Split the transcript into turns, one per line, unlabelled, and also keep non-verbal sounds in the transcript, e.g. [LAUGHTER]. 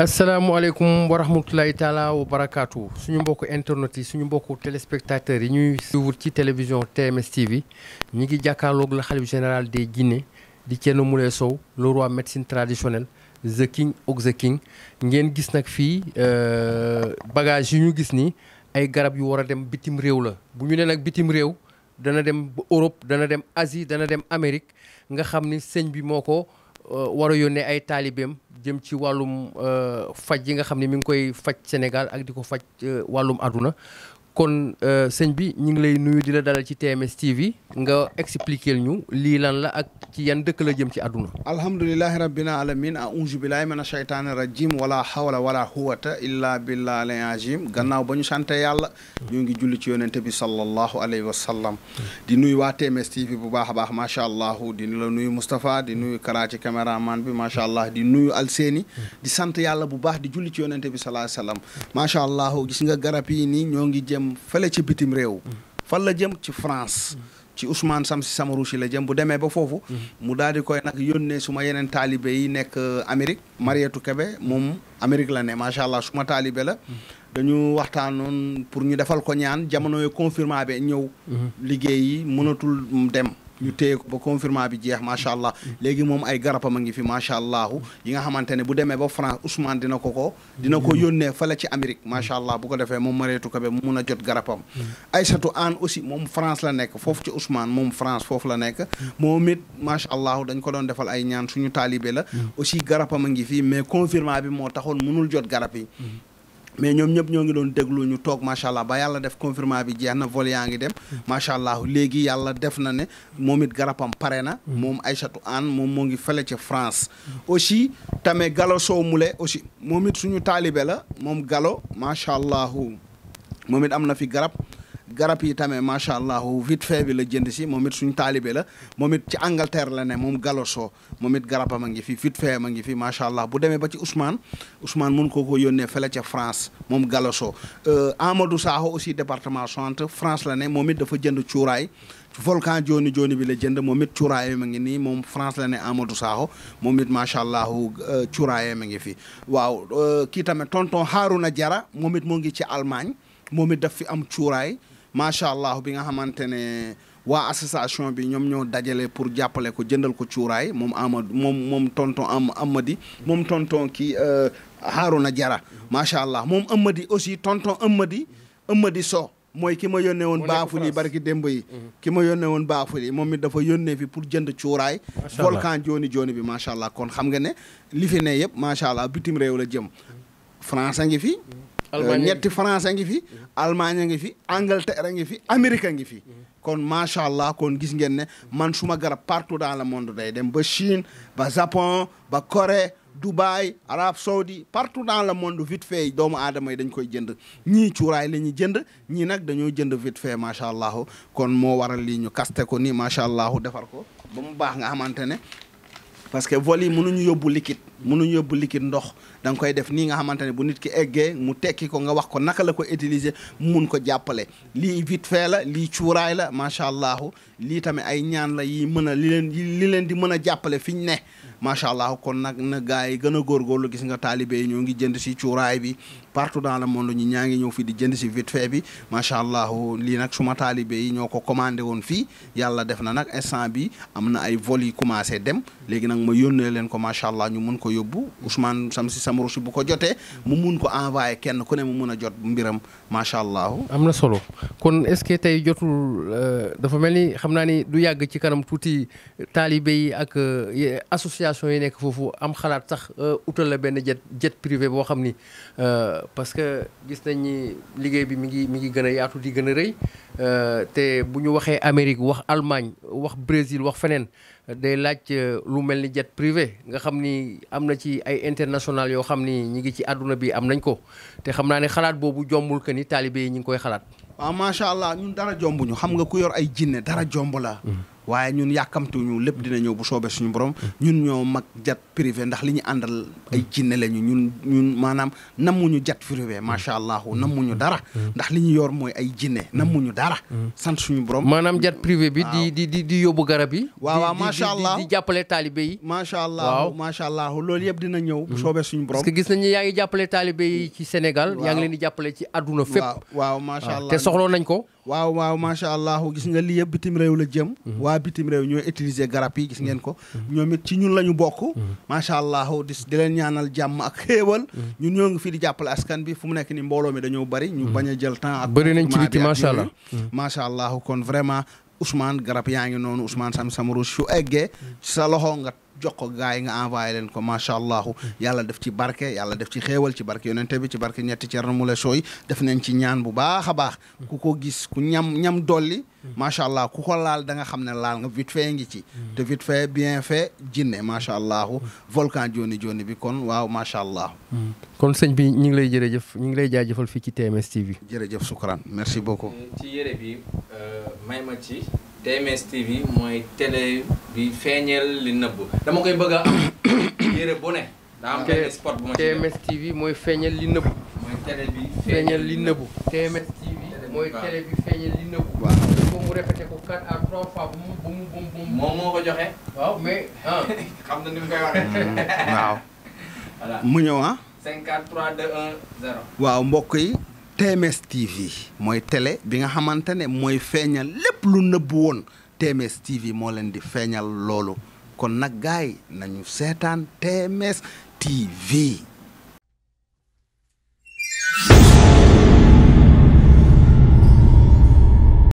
asalaamualeykum wa rahmatulahi taala wa barakaatu suñu mbokk internet yi suñu mbokku téléspectateurs yi ñuy suivre ci télévision TMS TV ñi ngi jàkkaarlook la xalif général de Guinée di Thierno Moulé Sow le roi médecine traditionnelle the king of the king ngeen gis nag fii euh, bagage yu ñu gis ni ay garab yu war a dem bitim réew la bu ñu nee nag bitim réew dana dem ba Europe dana dem Asie dana dem Amérique nga xam ni sëñ bi moo ko euh, war a yónnee ay taalibeem jëm ci wàllum euh, faj yi nga xam ne mu ngi koy faj Sénégal ak di ko faj euh, wàllum àdduna kon euh, sëñ bi ñu ngi lay nuyu di la dalal ci TMS TV nga expliquer ñu lii lan la ak ci yan dëkk la jëm ci àdduna
alhamdulilahi rabbina alamin aouzu billahi a ashaytani rajim wala hawla wala quwwata illa billah al azim gannaaw ba ñu sante yàlla ñoo ngi julli ci yonente bi sallallahu alayhi wa sallam di nuyu waa TMS TV bu baax a baax macha allah di la nuyu Moustapha di nuyu Kara ci caméraman bi macha allah di nuyu Alseeni di sant yàlla bu baax di julli ci yonente bi sallallahu alayhi jëm fële ci bitim réew mm. fan la jëm ci France mm. ci Ousmane Samsi Samarouchi la jëm bu demee ba foofu mm. mu daal di koy nag yónnee su ma yeneen taalibe yi nekk euh, Amérique Marietou Kébé moom Amérique la ne macha allah suma taalibe la dañu waxtaanoon pour ñu defal ko ñaan jamono yu confinement bi ñëw mm-hmm. liggéey mënatul dem ñu téye ko ba confirmation bi jeex macha allah léegi moom ay garabam a ngi fi macha allah yi nga xamante ne bu demee ba France Ousmane dina ko ko dina ko yónnee fële ci Amérique macha allah bu ko defee moom Mareetu Kabe mu mun a jot garabam Aysatu Aan aussi moom France la nekk foofu ci Ousmane moom France foofu la nekk moom it macha allah dañ ko doon defal ay ñaan suñu taalibe la mm. aussi garabam a ngi fi mais confirmation bi moo taxoon munul jot garab yi mais ñoom ñëpp ñoo ngi doon déglu ñu toog macha allah ba yàlla def confirmation bi jeex na vol yaa ngi dem mm. macha allah léegi yàlla def na ne moom it garabam pare na mm. moom Aïssatou Anne moom moo ngi fële ca France aussi tamit Gallo Sow Moulé aussi moom suñu taalibe la moom Gallo macha allah moom it am na fi garab garab yi tamit macha allah vite fait la jënd si moom it suñu taalibe la moom it ci Angleterre la ne moom Galosoo moom it garabam a ngi fi vite fait ngi fi macha allah bu demee ba ci Ousmane Ousmane mun koo ko yónnee fële ca France moom Galosoo euh, Amadou Sakho aussi département Centre France la ne moom it dafa jënd cuuraay. volcan jooni jooni bi la jënd moom it cuuraay ma ngi nii moom France la ne Amadou Sakho moom it macha allah euh, cuuraay ma ngi fi waaw euh, kii tamit tonton na Jara moom it moo ngi ci Allemagne moom it daf fi am cuuraay. macha allah bi nga xamante ne waa association bi ñoom ñoo dajale pour jàppale ko jëndal ko cuuraay moom Amadou moom moom tonton am Amady moom tonton kii euh, Harouna Jara macha allah moom Amady aussi tonton Amady Amady So mooy ki ma yónnee woon baafuli barki démb yi mhm. ki ma yónnee woon baafuli moom mi dafa yónnee fi pour jënd cuuraay volcan jooni jooni bi macha allah kon xam nga ne li fi ne yëpp macha allah bitim réew la jëm France ngi fi mhm. Euh, ñetti France a ngi fi Allemagne a ngi fi Angleterre a ngi fi Amérique a ngi fi kon macha allah kon gis ngeen ne man suma garab partout dans le monde day dem ba Chine ba Japon ba Corée Dubaï Arab Saudi partout dans le monde vite fait doomu aadama yi dañ koy jënd ñii cuuraay la ñuy jënd ñii nag dañoo jënd vite fait macha allah kon moo waral lii ñu kaste ko nii macha allah defar ko ba mu baax nga xamante ne parce que vol yi mënuñu yóbbu liquide. mënuñ yóbbu liquide ndox da nga koy def nii nga xamante ne bu nit ki eggee mu tekki ko nga wax ko naka la ko utiliser mun ko jàppale lii vite fait la lii cuuraay la macha allahu lii tamit ay ñaan la yi mën a li leen li leen di mën a jàppale fi ñu ne macha allah kon nag na gars yi gën a góorgóorlu gis nga taalibe yi ñoo ngi jënd si cuuraay bi partout dans le monde ñu ñaa ngi ñëw fii di jënd si vite bi macha allah lii nag suma taalibe yi ñoo ko commandé woon fii yàlla def na nag instant bi am na ay vol yi commencé dem léegi nag ma yónnee leen ko macha allah ñu mun ko ko yóbbu Ousmane sam si sama rusi bu ko jotee mu mun ko envoyé kenn ku ne mu mun a jot mbiram macha allah.
am na solo kon est-ce que tey jotul euh, dafa mel ni xam naa ni du yàgg ci kanam tuuti taalibe yi ak euh, association yi nekk foofu am xalaat sax euh, utal la benn jet jet privé boo xam ni parce que gis nañ ni liggéey bi mi ngi mi ngi gën a yaatu di gën a rëy. Euh, te bu ñu waxee Amérique wax Allemagne wax Brésil wax feneen day laaj euh, lu mel ni jet privé nga xam ni am na ci ay internationale yoo xam ni ñi ngi ci àdduna bi am nañ ko te xam naa ne xalaat boobu jombul que ni taalibe yi ñu ngi koy xalaat.
waaw macha allah ñun dara ñu xam nga ku yor ay jinne dara jomb la. Mm-hmm. waaye ñun yàkkamtuñu lépp dina ñëw bu soobee suñu borom ñun ñoo mag jat privé ndax li ñu àndal ay jinne lañu ñun ñun maanaam namuñu jat privé macha allah namuñu dara. ndax li ñu
yor mooy ay jinne namuñu dara. sant suñu borom maanaam jat privé bi di di di di yóbbu garab yi. waaw macha allah di jàppale taalibe yi. macha allah macha loolu yëpp dina ñëw. bu mm-hmm.
soobee suñu borom parce que
gis nañu yaa ngi jàppalee taalibe yi ci Sénégal. yaa ngi leen di jàppale ci àdduna fépp. waaw waaw allah te soxla
nañ ko. waaw waaw macha allah gis nga lii yëpp bitim réew la jëm. Mhm. waa bitim réew ñoo utiliser garab yi gis ngeen ko. Mhm. ñoom it ci ñun la ñu bokk. Mhm. macha allah di di leen ñaanal jàmm ak xéewal. ñun ñoo ngi fi di jàppale askan bi fu mu nekk ni mbooloo mi dañoo bari. ñu bañ a jël temps ak. bëri nañ ci biti allah. macha allah kon vraiment Ousmane garab yaa ngi noonu Ousmane Sam Sam Rouge su eggee sa loxo nga. jox ko gars yi nga envoyé leen ko macha allah yàlla def ci barke yàlla def ci xéewal ci barke yonente bi ci barke ñetti Thierno Moule Sow def nañ ci ñaan bu baax a baax ku ko gis ku ñam dolli macha allah ku ko laal da nga xam ne laal nga vite fait ngi ci te vite fait bien fait jinne macha allah volcan joni joni bi kon waaw macha allah
kon sëñ bi ñu ngi lay jërëjëf ñu ngi lay jaajëfal fii ci TMS TV jërëjëf sukran merci beaucoup ci yére bi euh, may ma ci TMS TV mooy télé bi feeñeel li nëbbu dama koy bëgg a am [COUGHS] yére bu ne. daa am mooy feeñeel li nëbbu. télé bi feeñeel li nëbbu. TMS
TV mooy
télé bi feeñeel li nëbbu. waaw moom mu répété ko quatre à trois fois bu mu bu mu moo ko joxe. waaw mais ah. [LAUGHS] xam na ni mu koy waxee. Mm, waaw. [LAUGHS] mu ñëw ah.
waaw mbokk yi. TMS TV mooy tele bi nga xamante ne mooy feeñal lépp lu nëbb woon TMS TV moo leen di feeñal loolu kon nag gaay nañu seetaan TMS TV